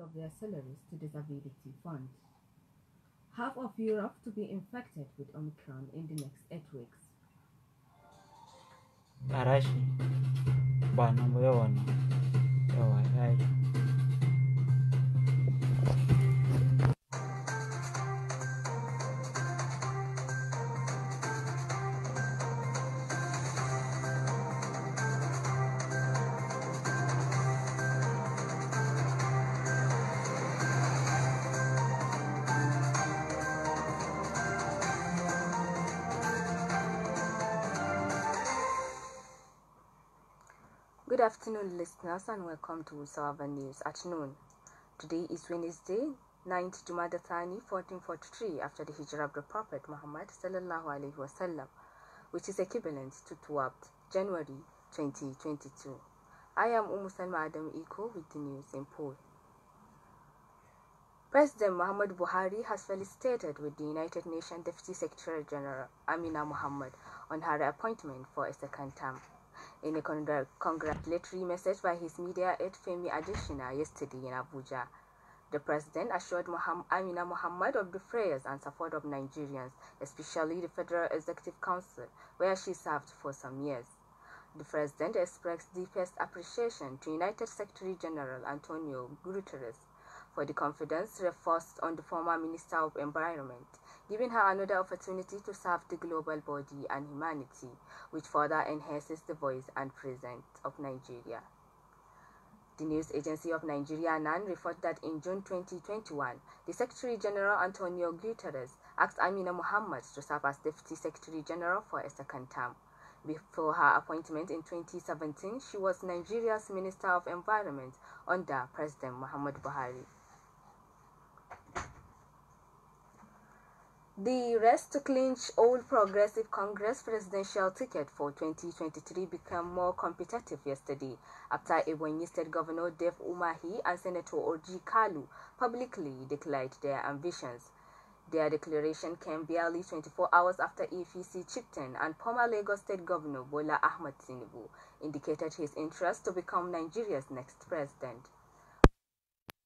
of their salaries to disability funds. Half of Europe to be infected with Omicron in the next eight weeks. Arashi, bana muyawana, yawa yayi. Good afternoon, listeners, and welcome to Usawa News at noon. Today is Wednesday, 9th Jumada Thani 1443 after the Hijrah of the Prophet Muhammad sallallahu alaihi wasallam, which is equivalent to 12th January 2022. I am Umu Salma Adam Iko with the news in poll. President Muhammad Buhari has felicitated with the United Nations Deputy Secretary General Amina Muhammad on her appointment for a second term. In a congratulatory message by his media aide Femi Adesina yesterday in Abuja, the president assured Amina Mohammed of the prayers and support of Nigerians, especially the Federal Executive Council, where she served for some years. The president expressed deepest appreciation to United Secretary General Antonio Guterres for the confidence reposed on the former Minister of Environment giving her another opportunity to serve the global body and humanity, which further enhances the voice and presence of Nigeria. The news agency of Nigeria, NAN, reported that in June 2021, the Secretary General Antonio Guterres asked Amina Mohammed to serve as Deputy Secretary General for a second term. Before her appointment in 2017, she was Nigeria's Minister of Environment under President Mohammed Buhari. The race to clinch old Progressive Congress presidential ticket for 2023 became more competitive yesterday after Ebonyi State Governor Dave Umahi and Senator Oji Kalu publicly declared their ambitions. Their declaration came barely 24 hours after EFCC chieftain and former Lagos State Governor Bola Ahmed Tinubu indicated his interest to become Nigeria's next president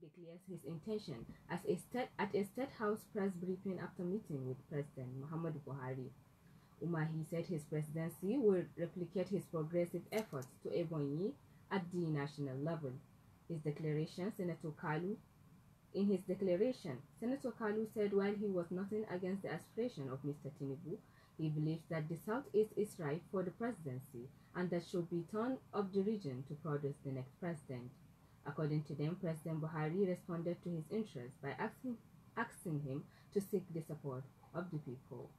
declares his intention as a state, at a State House press briefing after meeting with President Muhammad Buhari. he said his presidency will replicate his progressive efforts to Ebonyi at the national level. His declaration, Senator Kalu, in his declaration, Senator Kalu said while he was nothing against the aspiration of Mr. Tinubu, he believes that the Southeast is ripe for the presidency and that should be turned of the region to produce the next president. According to them, President Buhari responded to his interest by asking, asking him to seek the support of the people.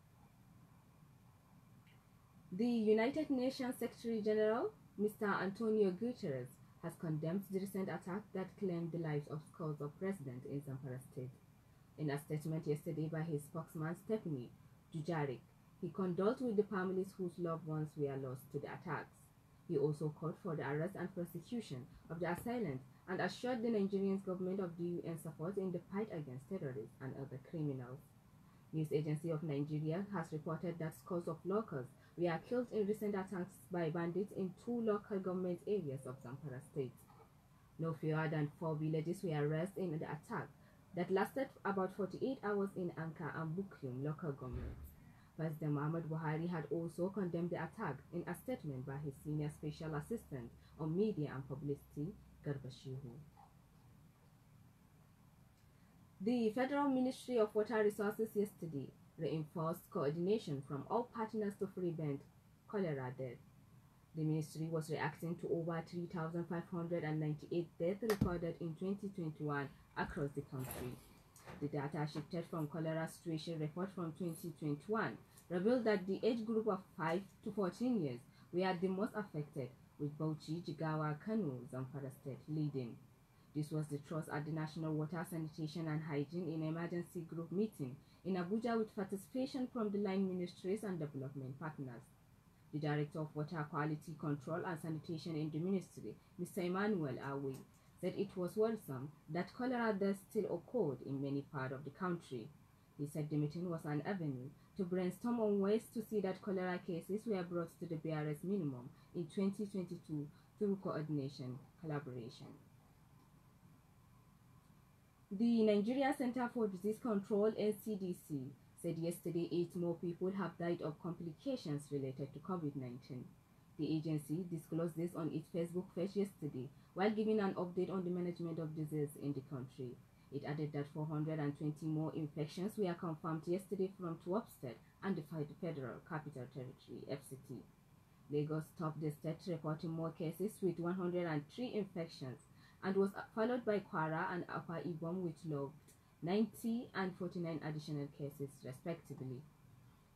The United Nations Secretary General, Mr. Antonio Guterres, has condemned the recent attack that claimed the lives of scores of residents in Zampara State. In a statement yesterday by his spokesman Stephanie Dujarik, he condoled with the families whose loved ones were lost to the attacks. He also called for the arrest and prosecution of the assailants and assured the Nigerian government of the UN support in the fight against terrorists and other criminals. News Agency of Nigeria has reported that scores of locals were killed in recent attacks by bandits in two local government areas of Zamfara state. No fewer than four villages were arrested in the attack that lasted about 48 hours in Anka and Bukium local governments. President Muhammad Buhari had also condemned the attack in a statement by his senior special assistant on media and publicity, Garbashihu. The Federal Ministry of Water Resources yesterday reinforced coordination from all partners to prevent cholera death. The ministry was reacting to over 3,598 deaths recorded in 2021 across the country. The data shifted from cholera situation report from 2021 revealed that the age group of 5 to 14 years were the most affected, with Bauchi, Jigawa, Kanu, Zamfara State leading. This was discussed at the National Water Sanitation and Hygiene in Emergency Group meeting in Abuja with participation from the line ministries and development partners. The Director of Water Quality Control and Sanitation in the Ministry, Mr. Emmanuel Awe, said it was worrisome that cholera deaths still occurred in many parts of the country. He said the meeting was an avenue to brainstorm on ways to see that cholera cases were brought to the barest minimum in 2022 through coordination collaboration. The Nigeria Center for Disease Control NCDC said yesterday eight more people have died of complications related to COVID-19. The agency disclosed this on its Facebook page yesterday while giving an update on the management of disease in the country. It added that 420 more infections were confirmed yesterday from two upstate and the Federal Capital Territory (FCT). Lagos topped the state reporting more cases with 103 infections and was followed by Kwara and Upper Ibom which logged 90 and 49 additional cases respectively.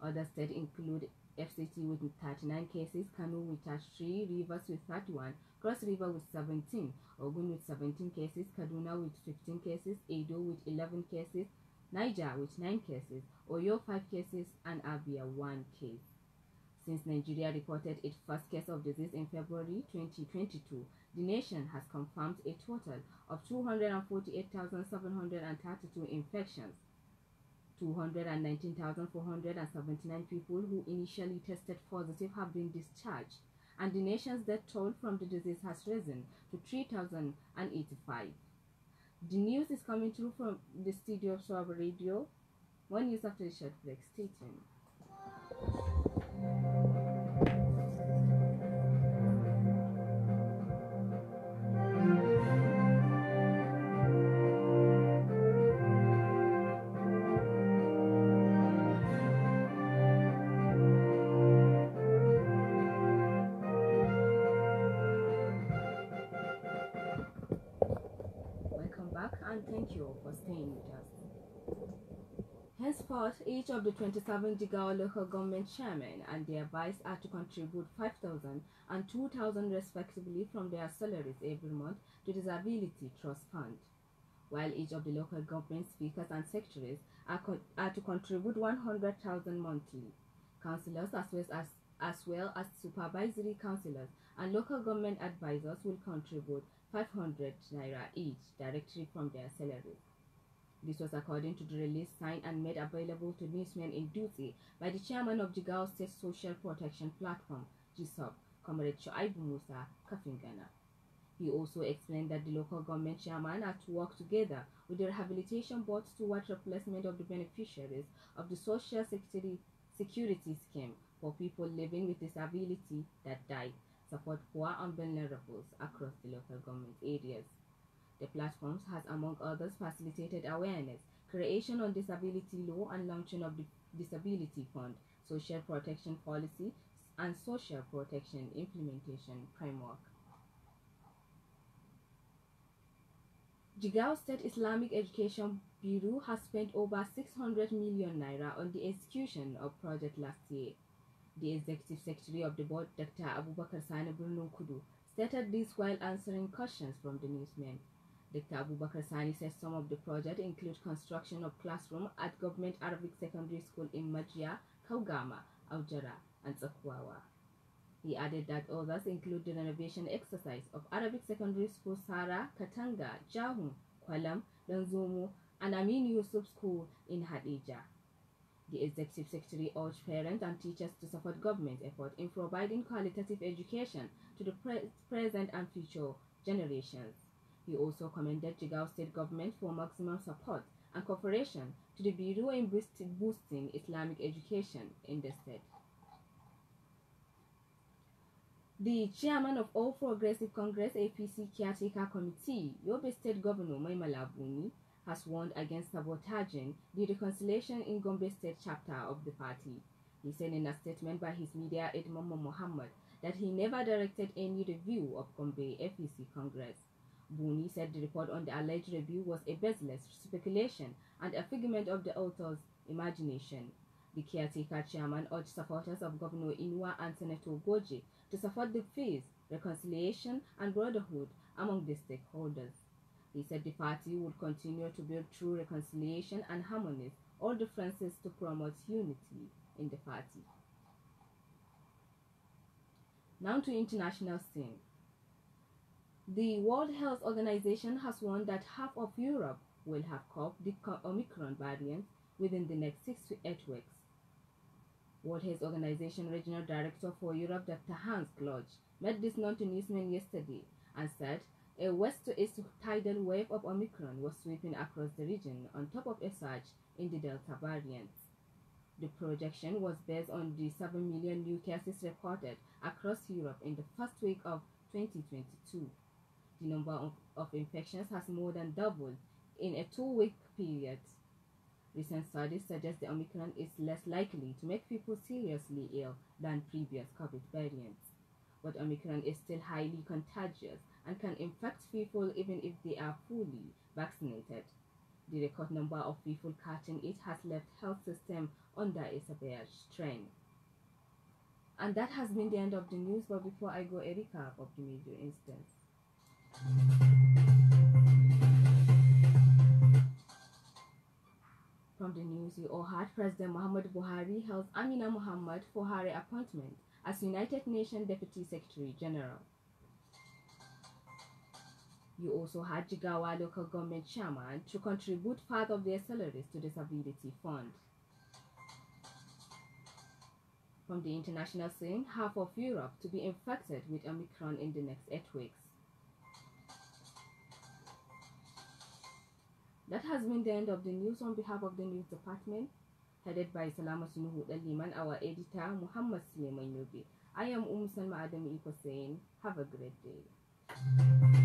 Other states include FCT with 39 cases, Kano with 3, Rivers with 31, Cross River with 17, Ogun with 17 cases, Kaduna with 15 cases, Edo with 11 cases, Niger with 9 cases, Oyo 5 cases, and Abia 1 case. Since Nigeria reported its first case of disease in February 2022, the nation has confirmed a total of 248,732 infections 219,479 people who initially tested positive have been discharged, and the nation's death toll from the disease has risen to 3,085. The news is coming through from the studio of Swab Radio, one news after the short break. Stay tuned. each of the 27 Jigawa local government chairmen and their vice are to contribute 5,000 and 2,000 respectively from their salaries every month to Disability Trust Fund, while each of the local government speakers and secretaries are, are to contribute 100,000 monthly. Councillors as well as as well as supervisory councillors and local government advisors will contribute 500 naira each directly from their salaries. This was according to the release signed and made available to newsmen in duty by the chairman of Jigaw State Social Protection Platform, GSOP, Comrade Shoaibu Musa Kafingana. He also explained that the local government chairman had to work together with the rehabilitation to towards replacement of the beneficiaries of the Social Security, Security Scheme for people living with disability that died, support poor and vulnerables across the local government areas. The platforms has among others facilitated awareness, creation on disability law and launching of the Disability Fund, social protection policy and social protection implementation framework. Jigao State Islamic Education Bureau has spent over 600 million naira on the execution of project last year. The executive secretary of the board, Dr. Abubakar Sani Bruno Kudu, stated this while answering questions from the newsmen. Dr. Abu Bakr Sani says some of the projects include construction of classroom at Government Arabic Secondary School in Majia, Kaugama, Aujara, and Sakwawa. He added that others include the renovation exercise of Arabic secondary school Sara, Katanga, Jahun, Kwalam, Danzumu, and Amin Yusuf School in Hadija. The executive secretary urged parents and teachers to support government effort in providing qualitative education to the pre present and future generations. He also commended Jigawa state government for maximum support and cooperation to the Bureau in boosting Islamic education in the state. The chairman of All Progressive Congress APC Caretaker Committee, Yobe State Governor Maimala has warned against sabotaging the reconciliation in Gombe State chapter of the party. He said in a statement by his media aide Momo Muhammad that he never directed any review of Gombe APC Congress. Buni said the report on the alleged review was a baseless speculation and a figment of the author's imagination. The caretaker chairman urged supporters of Governor Inua and Senator Goji to support the peace, reconciliation, and brotherhood among the stakeholders. He said the party would continue to build true reconciliation and harmony, all differences to promote unity in the party. Now to international scene. The World Health Organization has warned that half of Europe will have caught the Omicron variant within the next six to eight weeks. World Health Organization Regional Director for Europe, Dr. Hans Kluge, made this known to newsmen yesterday and said a west to east tidal wave of Omicron was sweeping across the region on top of a surge in the Delta variant. The projection was based on the 7 million new cases reported across Europe in the first week of 2022 the number of, infections has more than doubled in a two-week period. Recent studies suggest the Omicron is less likely to make people seriously ill than previous COVID variants. But Omicron is still highly contagious and can infect people even if they are fully vaccinated. The record number of people catching it has left health system under a severe strain. And that has been the end of the news, but before I go, a recap of the major instance. From the news, you all heard President Mohamed Buhari held Amina Mohamed for her appointment as United Nations Deputy Secretary General. You also had Jigawa local government chairman to contribute part of their salaries to the Disability Fund. From the international scene, half of Europe to be infected with Omicron in the next eight weeks. That has been the end of the news on behalf of the news department, headed by Salama Sunuhu Liman, our editor, Muhammad Suleiman Yobi. I am Um Salma Adam Iko saying, have a great day.